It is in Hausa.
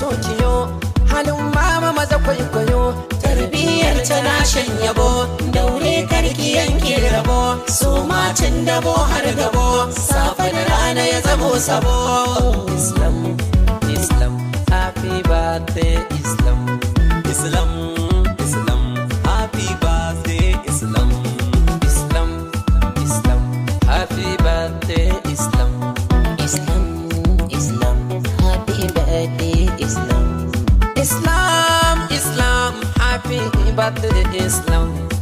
sokiyo halin mama maza kwaikwayo tarbiyyar ta nashin yabo daure karki yanki rabo su macin dabo har gabo safa da rana ya zamo sabo islam islam happy birthday islam islam back to the Islam